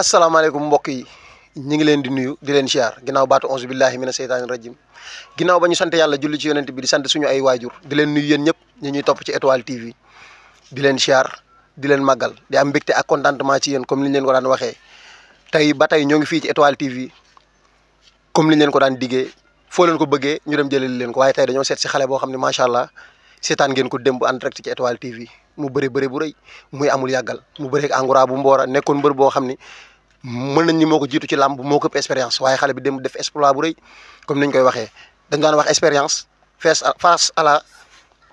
Assalamualaikum mbokk yi ñi ngi leen di nuyu di leen siyaar ginaaw baatu onze billahi minas seytaani rajim ginaaw ba ñu sant yàlla julli ci yonent bi di sante suñu ay wajur di leen nuyu yeen ñep ñi ñuy top ci étoile tv di leen siyaar di leen magal di am bekté ak contentement ci yeen comme liñ leen ko daan waxé tay ba ci étoile tv comme liñ leen ko daan diggé fo leen ko bëggé ñu dem set leen ko waye tay dañoo sét si xalé bo xamni ma sha allah setan ngeen ko demb and rek ci étoile tv mu beure beure bu reuy muy amul yagal mu beure ak angura bu Mbora nekkon beur bo xamni mën nañ ñi mooko jiitu ci làmb moo ko ëpp expérience waaye xale bi dem def exploit bu rëy comme niñ koy waxee dañ daan wax expérience face à face à la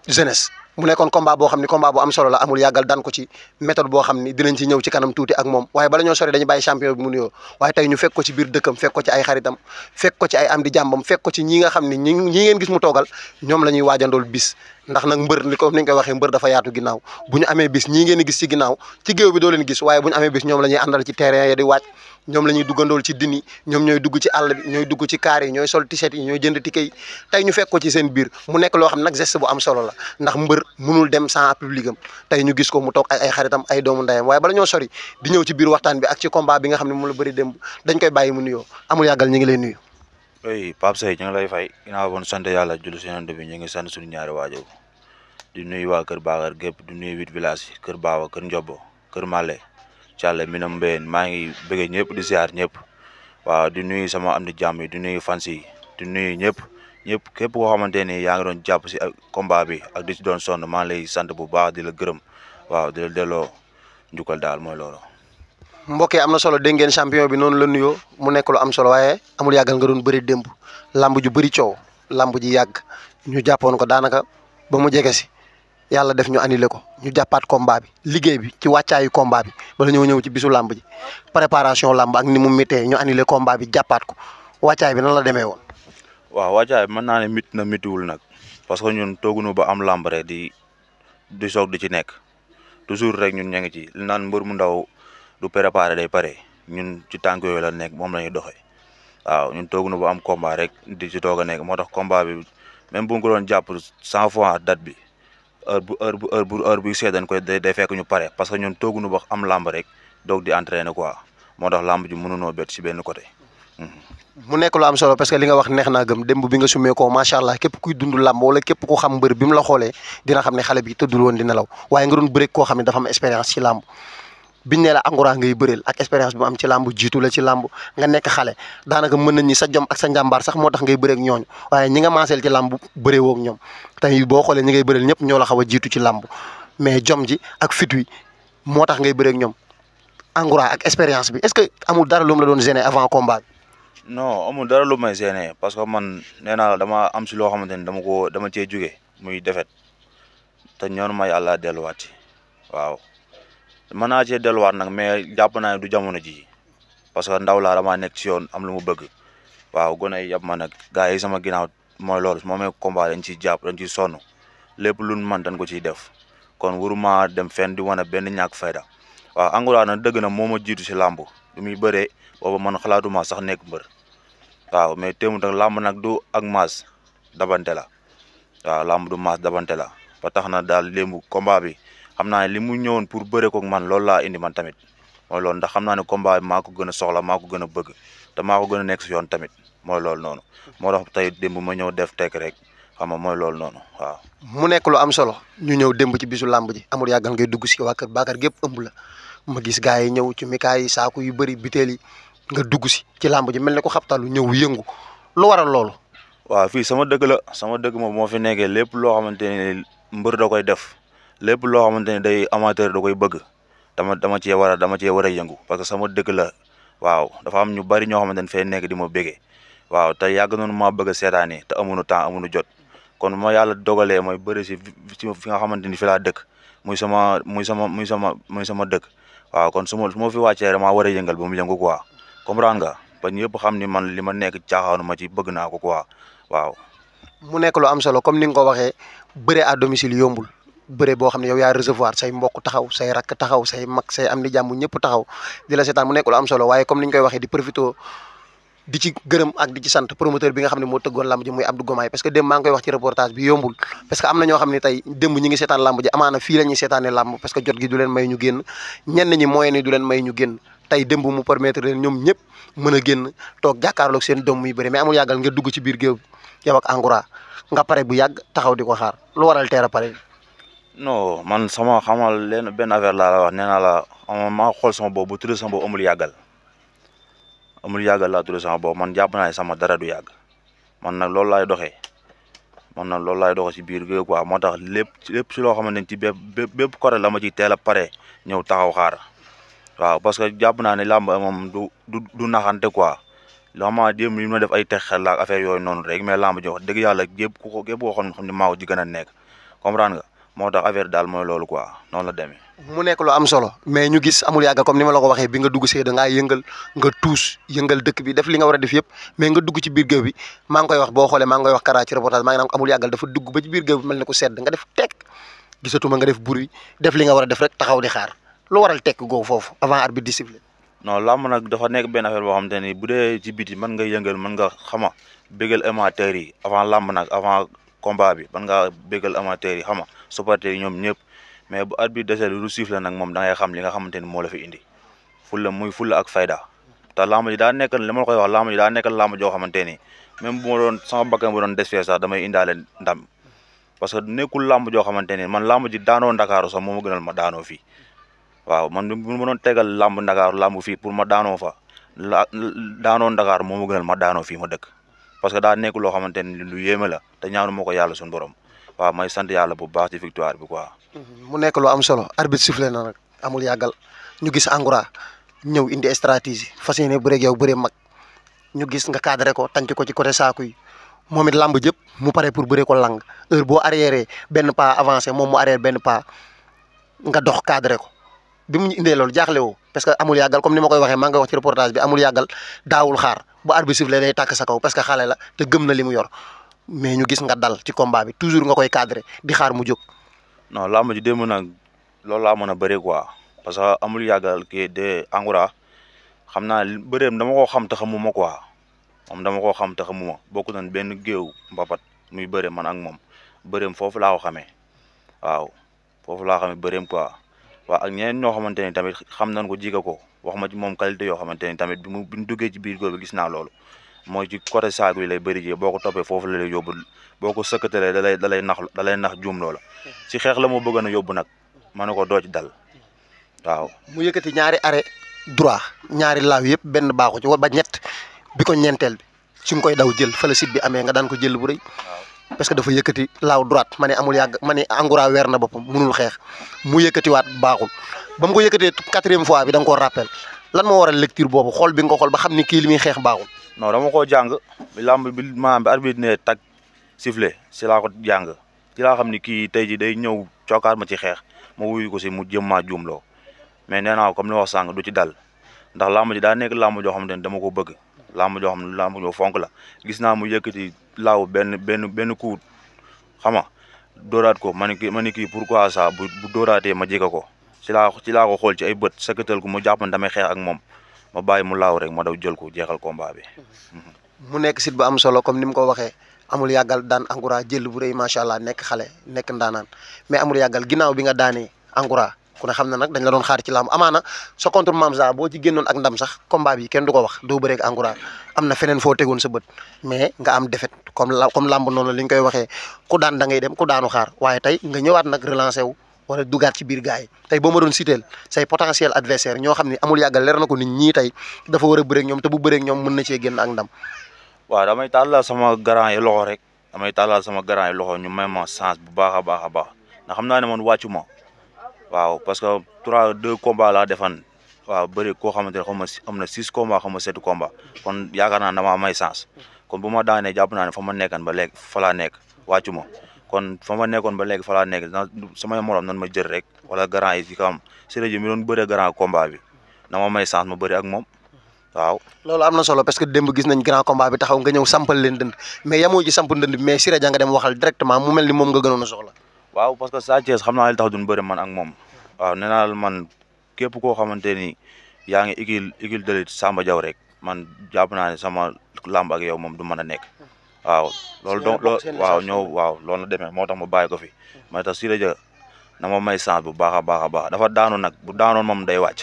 jeunesse. mu nekkoon combat boo xam ni combat bu am solo la amul yàggal daan ko ci méthode boo xam ni dinañ ci ñëw ci kanam tuuti ak moom waaye bala ñoo sore dañu bàyyi champion bi mu nuyoo waaye tey ñu fekk ko ci biir dëkkam fekk ko ci ay xaritam fekk ko ci ay am di jàmbam fekk ko ci ñii nga xam ni ñi ñi ngeen gis mu toogal ñoom la ñuy bis ndax nag mbër li ko ni nga ko waxee mbër dafa yaatu ginnaaw bu ñu amee bis ñii ngeen gis ci ginnaaw ci géew bi doo leen gis waaye bu ñu amee bis ñoom la ñuy àndal ci terrain ya di wàcc ñoom la ñuy duggandool dugg ci àll bi ñooy sol t-shirt yi ñooy jënd ticket yi tey ñu fekk ko ci seen biir mu nekk loo xam nag geste bu am solo la ndax mbër mënul dem sans public am tey ñu gis ko mu toog ay xaritam ay doomu ndeyam waaye bala ñoo sori di ñëw ci biir waxtaan bi ak ci comba bi nga xam ne moom bëri démb dañ koy bàyyi mu nuyoo amul yàggal ñu ngi lay nuyu ey Pape Seye lay fay ginnaaw boon sant yàlla julli si yonent ñu ngi sant suñu ñaari waajur di nuyu waa kër Bakar gépp di nuyu wit villages kër Baawa kër Ndiobo kër Male Thialé Minam Mbéyeen maa ngi bëggee ñëpp di siyaar ñëpp waaw di nuyu sama am di jàmm yi di nuyu fans yi di nuyu ñëpp ñëpp képp koo xamante ni yaa ngi doon jàpp si combat bi ak di si doon sonn maa ngi lay bu baax di la gërëm waaw di la delloo njukkal daal mooy loolu mbokk yi am na solo dégg ngeen champion bi noonu la nuyoo mu nekk lu am solo waaye amul yàggal nga doon bëri démb làmb ju bëri coow làmb ji yàgg ñu jàppoon ko daanaka ba mu jege si yàlla def ñu annulé ko ñu jàppaat combat bi liggéey bi ci wàccaayu combat bi bala ñëw ñëw ci bisu làmb préparation làmb ak ni mu méttee ñu annulé combat bi jàppaat ko wàccaay bi nan la demee woon. waaw wàccaay bi mën naa ne mit na mitiwul nag parce que ñun toogunu ba am làmb di di soog di ci nekk toujours rek ñun ña ngi ci naan mbër mu ndaw. du préparé day pare ñun ci tànk yooyu la nekk moom la ñuy doxee waaw ñun toogu nu ba am combat rek di ci toog a nekk moo tax combat bi même bu ko doon jàpp cent fois date bi heure bu bu bu heure bu seet dañ koy day fekk ñu pare que ñun toogu nu ba am làmb rek doog di entraîner quoi moo tax làmb ji mënunoo si benn côté. Mhm. mu nekk lu am solo parce que li nga wax neex naa gëm démb bi nga sumee ko macha allah képp kuy dund làmb wala képp ku xam mbër bi la xoolee dina xam ne xale bi tëddul woon di nelaw waaye nga doon bëreeg koo xam dafa am expérience ci làmb biñ ne la Angora ngay bëreel ak expérience bi am ci làmb jiitu la ci làmb nga nekk xale daanaka mën nañ ni sa jom ak sa njàmbaar sax moo tax ngay bëreek ñooñu waaye ñi nga maaseel ci làmb bëree woog ñoom tey boo xoolee ñi ngay bëreel ñëpp ñoo la xaw a jiitu ci làmb mais jom ji ak fit moo tax ngay bëreek ñoom Angora ak expérience bi est-ce que amul dara lu la doon gêner avant combat bi amul dara lu may gêner parce que man nee naa dama am si loo xamante ni dama ko dama cee jóge muy defet te ñoonu ma yàlla delluwaat waaw mana aja dalu delluwaat nag mais jàpp na ne du jamono ji parce que ndaw laa damaa nekk am lu mu bëgg waaw gone yab ma nag gars sama ginnaaw mooy loolu su ma me combat dañ ciy jàpp dañ ciy sonu lépp luñ man dañ ko ciy def kon waruma dem fenn di wane ben ñàkk fayda waaw angula na dëgg na moo ji si du muy bëree booba man xalaatuma sax nekk mbër waaw mais téemu nag làmb nak du ak mas dabante la waaw làmb du mas dabante la ba dal combat bi xamna naa ne li mu ñëwoon pour bëre koog man lool la indi man tamit moy lool ndax xamna naa ne combat bi maa ko soxla mako gëna bëgg te mako gëna nekk ci yoon tamit moy lool nonu mo dox tay démb ma ñew def tek rek xam nga mooy loolu noonu waaw. mu nekk lu am solo ñu ñew demb ci bisu lamb ji amul yagal ngay dugg si waa Bakar gépp ëmb la ma gis gaay yi ñëw ci mikaay saako yu bari biteli nga dugg si ci lamb ji melni ne ko xaptalu ñew yëngu lu waral lool waaw fi sama deug la sama deug mo fi nekkee lepp lo xamanteni mbeur da koy def lépp loo xamante ne day amateur da koy bëgg dama dama cee war dama cee war a yëngu parce que sama dëkk la waaw dafa am ñu bari ñoo xamante ne fee nekk di ma bége waaw te yàgg noonu maa bëgga a seetaanee te amuñu temps amuñu jot kon ma yàlla dogalee mooy bëri si fi nga xamante ni fi laa dëkk muy sama muy sama muy sama muy sama dëkk waaw kon su ma su ma fi wàccee rek maa war a yëngal ba mu yëngu quoi comprendre nga ba yëpp xam ni man li ma nekk caaxaanu ma ci bëgg naa ko quoi waaw. mu nekk lu am solo comme ni nga ko waxee bëre à domicile yombul. bëré bo xamné ne yow ya réservoir say mbokk taxaw say rak taxaw say mak say am ni jàmm ñëpp taxaw di la seetaan mu nekk lu am solo waye comme niñ koy waxé di profito di ci gëreum ak di ci sante promoteur bi nga xamné mo teggon lamb ji muy Abdou Gomaay parce que dem ma ngi koy wax ci reportage bi yombul parce que amna ño xamné tay ne ñi ngi seetaan lamb ji amana fi lañuy ñuy lamb parce que jot gi du len may ñu genn ñen ñi moyen ni du len may ñu mu permettre len ñom ñëpp mëna genn tok jakarlok seen dom yu mais amul yagal nga dugg ci biir yow ak nga pare bu yag taxaw di xaar lu waral téra paré pare non man sama xama leen benn affaire laa la wax nee naa la maa xool sama boobu bu tudd sama boobu amul yàggal amul yàggal laa tudd sama boobu man jàpp naa ne sama dara du yàgg man na loolu laay doxe man na loolu laay doxee si biir géej quoi moo tax lépp lépp si loo xamante ni ci bépp bépp côté la ma ciy teel a pare ñëw taxaw xaar waaw que jàpp naa ne làmb moom du du du naxante quoi loo ma démb li ma def ay tex xel ak affaire yooyu noonu rek mais làmb ji wax dëgg yàlla gépp ko gépp koo xam ne maa ko ci gën a nekk comprendre nga. moo tax affaire daal mooy loolu quoi noonu la demee. mu nekk lu am solo mais ñu gis amul yàgg comme ni ma la ko waxee bi nga dugg see nga tuus yëngal dëkk bi def li nga war def yëpp mais nga dugg ci biir géew bi maa ngi koy wax boo xoolee maa ngi koy wax Kara ci reportage maa ngi naan amul yàggal nga def tekk gisatuma nga def bruit def li nga war a def rek taxaw di xaar lu waral tekk googu foofu avant arbitre discipline. non làmb nag dafa nekk benn affaire boo xam te ni bu dee ci biti mën nga yëngal man nga xama bégal amateur yi avant làmb nag avant combat bi ban ngaa bégal amateur yi xam nga supporter yi ñoom ñëpp mais bu at bi dese lu siif la nag moom da ngay xam li nga xamante ni moo la fi indi fulla muy fulla ak fayda te làmb ji daa nekk li la koy wax làmb ji daa nekk làmb joo xamante ni même bu ma doon sama bakkan bu doon des fee sax damay indaale ndam parce que man làmb ji daanoo ndakaaru sax gënal ma daanoo fii waaw man bu ma tegal làmb ndakaaru làmb fii pour ma daanoo fa la daanoo ndakaaru gënal ma daanoo fii ma dëkk parce que daal nekk loo xamante ni lu yéeme la te ñaanu moo ko yàlla suñu borom waaw may sant yàlla bu baax ci victoire bi quoi. mu nekk lu am solo arbitre sifflé na nag amul yàggal ñu gis Angoura ñëw indi stratégie fas yéene bëreeg yow bëree mag ñu gis nga cadré ko tànc ko ci côté saaku yi moom it lamb jëpp mu pare pour bëree ko lang heure boo arrière benn pas avancé moom mu arrière benn pas nga dox cadré ko bi mu ñu indee loolu jaaxle woo parce que amul yàggal comme ma koy waxee maa ngi wax ci reportage bi amul yàggal xaar. bu arbitre sifflé day tàkk sa kaw parce que xale la te gëm na li mu yor mais ñu gis nga dal ci combat bi toujours nga koy cadré di xaar mu jóg. non làmb ji démb nag loolu laa mën a bëri koi parce que amul yàggal kii de Angora xam naa bëreem dama koo xam te xamuma quoi moom dama koo xam te xamuma bokk nañ benn géew mbapat muy bëre man ak moom bëreem foofu laa ko xamee waaw foofu laa xamee bëreem quoi. waaw ak ñeneen ñoo xamante ni tamit xam nañ ko jiga ko waxuma ci moom qualité yoo xamante ni tamit bi mu duggee ci biir góor bi gis loolu mooy ci saako yi lay bëri jee ko toppee foofu la lay yóbbu boo ko sëkkatalee da lay da nax da lay nax juum loola hmm. ci xeex la moo bëggoon a yóbbu nag ma ne ko doo ci dal waaw. mu yëkkati ñaari arrêt droit ñaari laaw yëpp benn baaxu ci ba ñett bi ko ñeenteel bi su koy daw jël fële bi amee nga daan ko jël bu rëy. parce que dafa yëkkati laaw droite ma ne amul yàgg ma ne Angora weer na boppam munul xeex mu waat baaxul ba mu ko yëkkatee quatrième fois bi da nga koo rappel lan moo waral lecture boobu xool bi nga ko xool ba xam ni kii li muy xeex baaxul. non dama koo jàng bi làmb bi maanaam bi arbitre ne tag sifflé si laa ko jàng ci laa xam ni kii tey ji day ñëw cookaat ma ci xeex ma wuyu ko si mu jëm maa juumloo mais nee naa comme li wax sàng du ci dal ndax làmb ji daa nekk làmb joo xam ne dama ko bëgg. làmb joo xam ne làmb fonk la gis naa mu yëkkati laaw benn benn benn coup xam nga dóoraat ko ma ne kii ma ne kii bu bu dóoraatee ma jege ko ci laa ci laa ko xool ci ay bët sëkkatal ko mu jàpp ne damay xeex ak moom ma bàyyi mu laaw rek ma daw jël ko jeexal combat mu nekk sit bu am solo comme ni mu ko waxee amul yàggal daan Angora jël bu rëy macha allah nekk xale nekk ndaanaan mais amul yàggal ginnaaw bi nga daanee Angora ku ne xam na nag dañ la doon xaar ci lamb amaana sa contre Mamza boo ci génnoon ak ndam sax combat bi kenn du ko wax doo bëreeg Angora am na feneen foo tegoon sa bët mais nga am défaite comme comme lamb noonu li ñu koy waxee ku daan da dem ku daanu xaar waaye tey ñëwaat nag relancé wu wala dugaat ci biir gars yi tey boo ma doon citeel say potentiel adversaire ñoo xam ne amul yàggal leer na ko nit ñii tey dafa war a bëreeg ñoom te bu bëreeg ñoom mën na cee génn ak ndam waaw damay tàllal sama grand yi loxo rek damay tàllal sama grand yi loxo ñu may ma chance bu baax a baax a baax xam naa ne man wàccu ma waaw parce que trois deux combats laa defan waaw bëri koo xamante ne xam am na six combats xama ma sept combats kon yaakaar naa damaa may chance kon bu ma daanee jàpp naa ne fa ma nekkan ba léegi fa laa nekk wàccu ma kon fa ma nekkoon ba léegi fa laa nekk samay morom nan ma jël rek wala grand yi fi ka am Siré Dia mi doon bëre grand bi na ma may chance ma bëri ak moom waaw. loolu am na solo parce que démb gis nañ grand combat bi taxaw nga ñëw sampal leen mais mu mel ni moom nga gënoon a soxla. waaw parce que Sa Thiès xam na li tax duñ bëri man ak moom waaw nee naa man képp koo xamante ni yaa ngi igil igil dalit Samba Diaw rek man jàpp naa ne sama làmb ak yow moom du mën a nekk waaw loolu donc waaw ñëw waaw loolu demee moo tax ma bàyyi ko fi ma tax Siré Dia na ma may chance bu baax a baax a baax dafa daanu nag bu daanoon moom day wàcc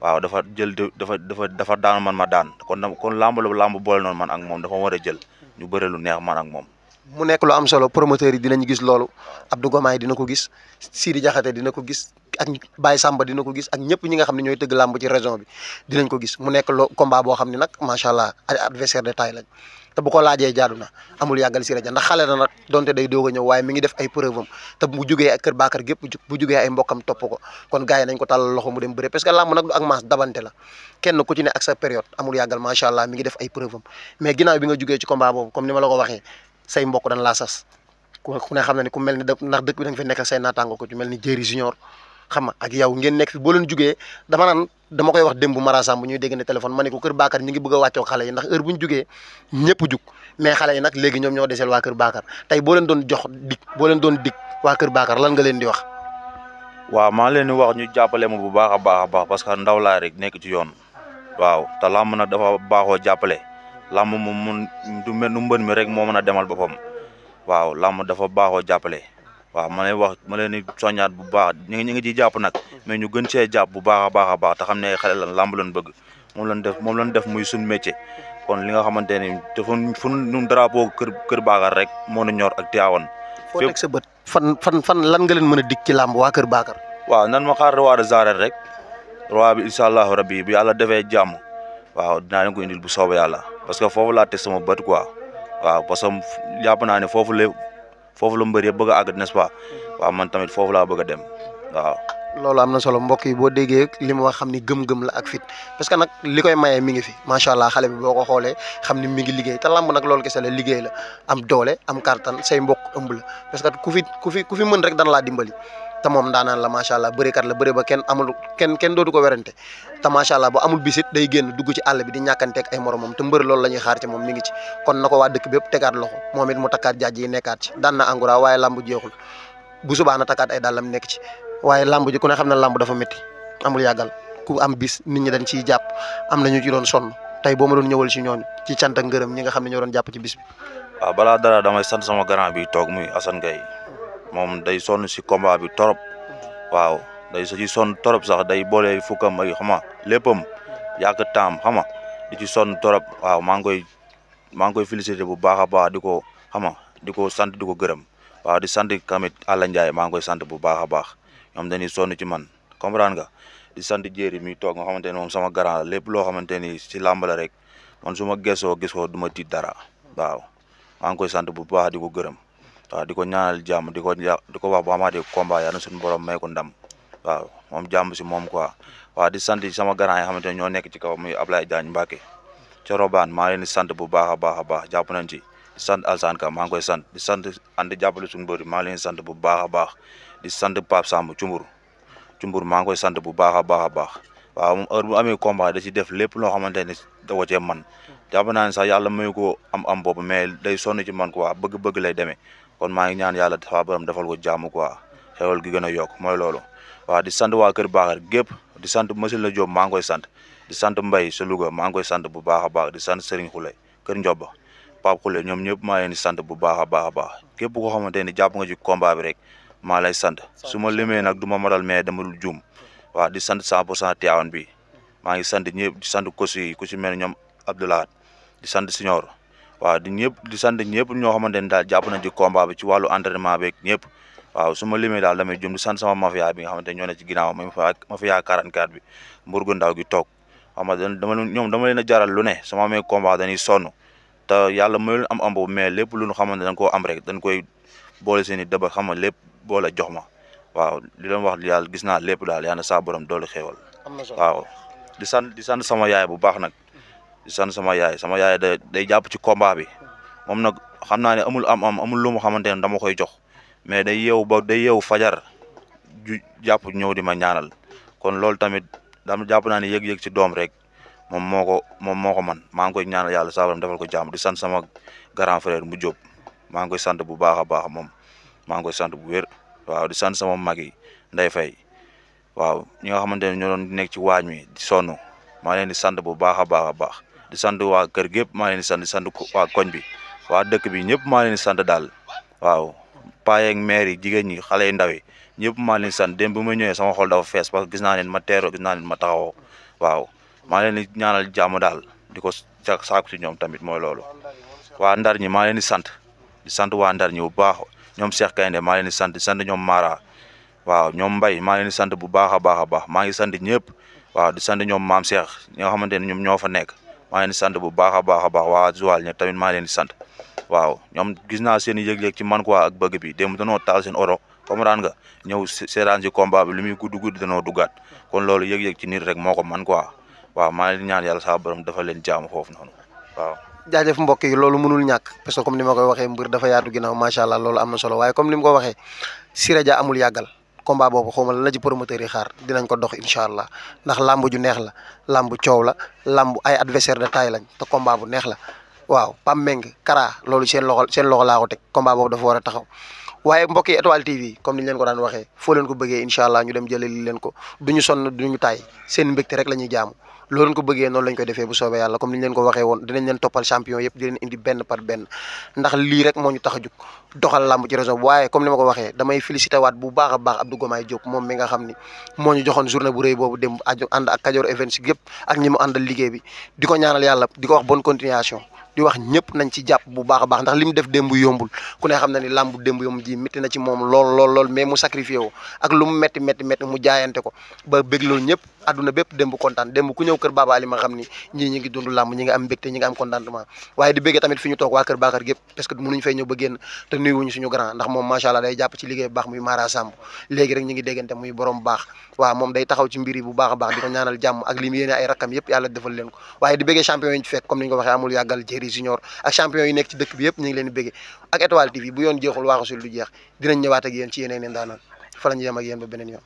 waaw dafa jël dafa dafa dafa daanu man ma daan kon kon làmb la làmb boole noonu man ak moom dafa war a jël ñu bëre lu neex man ak moom mu nek lu am solo promoteur yi dinañ gis lolu Abdou gomay dina ko gis Sidi jaxate dina ko gis ak Baye Samba dina ko gis ak ñepp ñi nga xamni ñoy teug lamb ci région bi dinañ ko gis mu nek lo combat bo xamni nak machallah allah adversaire de taille lañ te bu ko laaje jaaduna amul yagal si rajo ndax xalé na nak donte day doog ñew waye mi ngi def ay preuve am te bu jugee ak keur Bakar gep bu jugee ay mbokam top ko kon gaay nañ ko tal loxo mu dem bëre parce que lamb nak du ak maas dabante la kenn ku ci ne ak sa période amul yagal machallah mi ngi def ay preuve am mais ginaaw bi nga jugee ci combat bobu comme nima la ko waxe say mbokk dañ laa sas ku ne xam na ne ku mel ni ndax dëkk bi da nekk say naataango ko ci mel ni Jéeri Junior xam nga ak yow ngeen nekk fi boo leen jugee dama naan dama koy wax démb maraasam bu ñuy déggante téléphone ma ne ko kër Bakar ñu ngi bëgg a wàccoog xale yi ndax heure bu jugee ñëpp jug mais xale yi nag léegi ñoom ñoo deseel waa kër Bakar tey boo leen doon jox dik boo leen doon dik waa kër Bakar lan ga leen di wax. waaw maa leen di wax ñu jàppale ma bu baax a baax a baax parce que laa rek nekk ci yoon waaw te làmb nag dafa baaxoo jàppale làmb moom mu du mel nu mbën mi rek moo mën a demal boppam waaw làmb dafa baaxoo jàppale waaw ma lay wax ma leen di soññaat bu baax ñu ngi ñu ngi ciy jàpp nag mais ñu gën see jàpp bu baax a baax a baax te xam ne xale lan làmb lañ bëgg moom la def moom lañ def muy suñ métier kon li nga xamante ne dafa fu ñu drapeau kër kër Bakar rek moo na ñor ak Tivaouane. foo teg sa bët fan fan fan lan nga leen mën a dikk ci làmb waa kër Bakar. waaw nan ma xaar roi de rek roi bi incha allahu rabi bu yàlla defee jàmm waaw dinaa leen ko bu soobee yàlla. parce que foofu la teg sama bët quoi waaw parce que jàpp naa ne foofu la foofu la mbër yëpp bëgg a àgg n'est-ce pas man tamit foofu laa bëgg dem waaw. loolu am na solo mbokk yi boo déggee li ma xam ni gëm-gëm la ak fit parce que nag li koy mayee mi ngi fi macha allah xale bi boo ko xoolee xam ni mi ngi liggéey te lamb nag loolu kese la liggéey la am doole am kartan sey mbokk ëmb la parce que ku fi ku fi ku fi mën rek dana laa dimbali. te moom daanaan la macha allah bërekat la bëre ba kenn amul kenn kenn dootu ko werante te macha allah bu amul bisit day génn dugg ci àll bi di ñàkkanteeg ay moromam te mbër loolu la ñuy xaar ci moom mi ngi ci kon na ko waa dëkk bépp tegaat loxo moom it mu takkaat jaaj yi nekkaat ci daan na Engoura waaye lamb jeexul bu subaa na takkaat ay dàllam nekk ci waaye lamb ji ku ne xam na lamb dafa métti amul yàggal ku am bis nit ñi dañ ciy jàpp am na ñu ci doon sonn tey boo ma doon ñëwal ci ñooñu ci cant ak ngërëm ñi nga xam ne ñoo doon jàpp bi. waaw balaa dara damay sant sama grand bi toog muy moom day sonn si combat bi torop mm-hmm. waaw day si sonn torop sax day boole fukkam ay xama léppam mm-hmm. yàgg taam xama di ci sonn torop waaw maa ngi koy maa ngi koy félicité bu baax a baax di ko xama di ko sant di ko gërëm waaw di sant kamit Alla Ndiaye maa ngi koy sant bu baax a baax ñoom dañuy sonn ci man comprendre nga di sant jéeri mi toog nga xamante ne sama grand lépp loo xamante ni si làmb rek man su ma gesoo gis ko du dara waaw maa ngi koy sant bu baax di ko gërëm waaw di ko ñaanal jàmm di ko di ko wax bu amaatee combat yàlla na suñu borom may ko ndam waaw moom jàmm si moom quoi waaw di sant sama grand yi xamante ne ñoo nekk ci kaw muy Ablaye Diagne Mbacke ca Robane maa leen di sant bu baax a baax a baax jàpp nañ ci di sant Alsaan Ka maa ngi koy sant di sant ànd jàppale suñu mbër yi maa leen sant bu baax a baax di sant Pape Samb Cumbur Cumbur maa ngi koy sant bu baax a baax a baax waaw moom heure amee combat da ci def lépp loo xamante ne da ko cee man jàpp naa ne sax yàlla may ko am am boobu mais day sonn ci man quoi bëgg-bëgg lay demee kon maa ngi ñaan yàlla dafa borom defal ko jàmm quoi xewal gi gën a yokk mooy loolu waaw di sant waa kër Bakar gépp di sant monsieur la Diop maa ngi koy sant di sant mbay sa Louga maa ngi koy sant bu baax a baax di sant Serigne Khoule kër Ndiob Pape Khoule ñoom ñëpp maa leen di sant bu baax a baax a baax képp koo xamante ni jàpp nga ci combat bi rek maa lay sant su ma limee nag du ma matal mais dama dul juum waaw di sant 100 pour cent Tivaouane bi maa ngi sant ñëpp di sant kosi yi si mel ñoom Abdoulaye di sant Signor waaw di ñëpp di sant ñëpp ñoo xamante ne daal jàpp na ci combat bi ci wàllu entraînement beeg ñëpp waaw su ma limee daal damay jëm di sant sama mafia bi nga xamante ñoo ne ci ginnaaw ma mafia 44 bi mburgu ndaw gi toog xam nga dama ñoom dama leen a jaral lu ne sama amee combat dañuy sonn te yàlla mayul am am boobu mais lépp lu ñu xamante dañ koo am rek dañ koy boole seen i dëba xam nga lépp boole jox ma waaw li leen wax yàlla gis naa lépp daal yàlla na saa borom doole xéewal waaw di sant di sant sama yaay bu baax nag di sant sama yaay sama yaay da day jàpp ci combat bi moom nag xam naa ne amul am-am amul lu mu xamante ne dama koy jox mais day yeewu ba day yeewu fajar ju jàpp ñëw di ma ñaanal kon loolu tamit dama jàpp naa ne yëg-yëg ci doom rek moom moo ko moom moo ko man maa ngi koy ñaanal yàlla saa borom defal ko jàmm di sant sama grand frère mu Diop maa ngi koy sant bu baax a baax moom maa ngi koy sant bu wér waaw di sant sama mag yi Ndeye Faye waaw ñi nga xamante ne ñoo doon nekk ci waañ mi di sonn maa leen di sant bu baax a baax a baax di sant wa kër gépp ma leen di sant di sant waa koñ bi wa dëkk bi ñëpp ma leen di sant dal waaw paa ak maire yi jigéen yi xalé yi ndaw yi ñëpp ma leen di sant dem bu ma ñëwé sama xol dafa fess parce que gis na leen ma téro gis na leen ma taxaw waaw ma leen di ñaanal jaamu dal diko saaku ci ñoom tamit moy loolu wa ndar ñi ma leen di sant di sant wa ndar ñi bu baax ñoom Cheikh kayende ma leen di sant di sant ñoom Mara waaw ñoom mbay ma leen di sant bu baaxa baaxa baax ma ngi sant ñëpp waaw di sant ñoom mam Cheikh ñoo nga xamante ñoom ñoo fa nekk maa sant bu baax a baax a baax waa Joal ñëpp tamit maa leen di sant waaw ñoom gis naa seen i yëg ci man quoi ak bëgg bi démb danoo taal seen oro comprendre nga ñëw seetaan si combat bi li muy gudd gudd danoo duggaat kon lool yëg yeg ci nit rek moo ko man quoi waaw maa leen di ñaan yàlla saa borom dafa leen jaamu foofu noonu waaw jaajëf mbokk yi loolu mënul ñàkk parce que comme ni ma koy waxee mbir dafa yaatu ginnaaw macha allah lool am na solo waaye comme ni ma ko waxee Siré Dia amul yàggal combat boobu xawma la la ci promoteur yi xaar dinañ ko dox incha allah ndax làmb ju neex la làmb coow la làmb ay adversaire de taille lañ te combat bu neex la waaw Pam Meng Kara loolu seen loxo seen loxo laa ko teg combat boobu dafa war a taxaw waaye mbokk yi étoile TV comme ni leen ko daan waxe foo leen ko bëggee incha allah ñu dem jëlee li leen ko du ñu sonn du ñu seen mbégte rek la ñuy jaamu loo leen ko bëggee noonu lañ ko defee bu soobee yàlla comme ni ñu leen ko waxee woon dinañ leen toppal champion yëpp di leen indi benn par benn ndax lii rek moo ñu tax a jug doxal waaye comme ni ma ko waxee damay félicité waat bu baax a baax Abdou Gomaay Diop moom mi nga xam ni moo ñu joxoon journée bu rëy boobu dem aju ànd ak Kajoor Events yëpp ak ñi mu àndal liggéey bi di ko ñaanal yàlla di ko wax bonne continuation di wax ñepp nañ ci japp bu baax baax ndax lim def dembu yombul ku ne xam na ni lamb dembu yom ji metti na ci moom lol lol lol mais mu sacrifier wo ak lu metti metti metti mu jaayante ko ba begg lol ñepp aduna bepp dembu contane dembu ku ñew kër baba ali ma xam ni ñii ñi ngi dund lamb ñi nga am bekté ñi nga am contentement waye di beggé tamit fiñu tok wa kër bakar gep parce que mënuñ fay ñew ba génn te nuyuwuñu suñu grand ndax mom machallah day japp ci liggéey bu baax muy mara sàmb légui rek ñi ngi déggante muy borom baax wa mom day taxaw ci mbir yi bu baax baax di ñaanal jamm ak li mu ay rakam yépp yalla defal leen ko waye di beggé champion yi ci fekk comme ni ñu ko waxee amul yagal jé série junior ak champion yi nekk ci dëkk bi yëpp ñu ngi leen di bëggee ak étoile TV bu yoon jeexul waaxasul du jeex dinañ ñëwaat ak yéen ci yeneen i ndaanaan fa ñu yem ak ba beneen yoon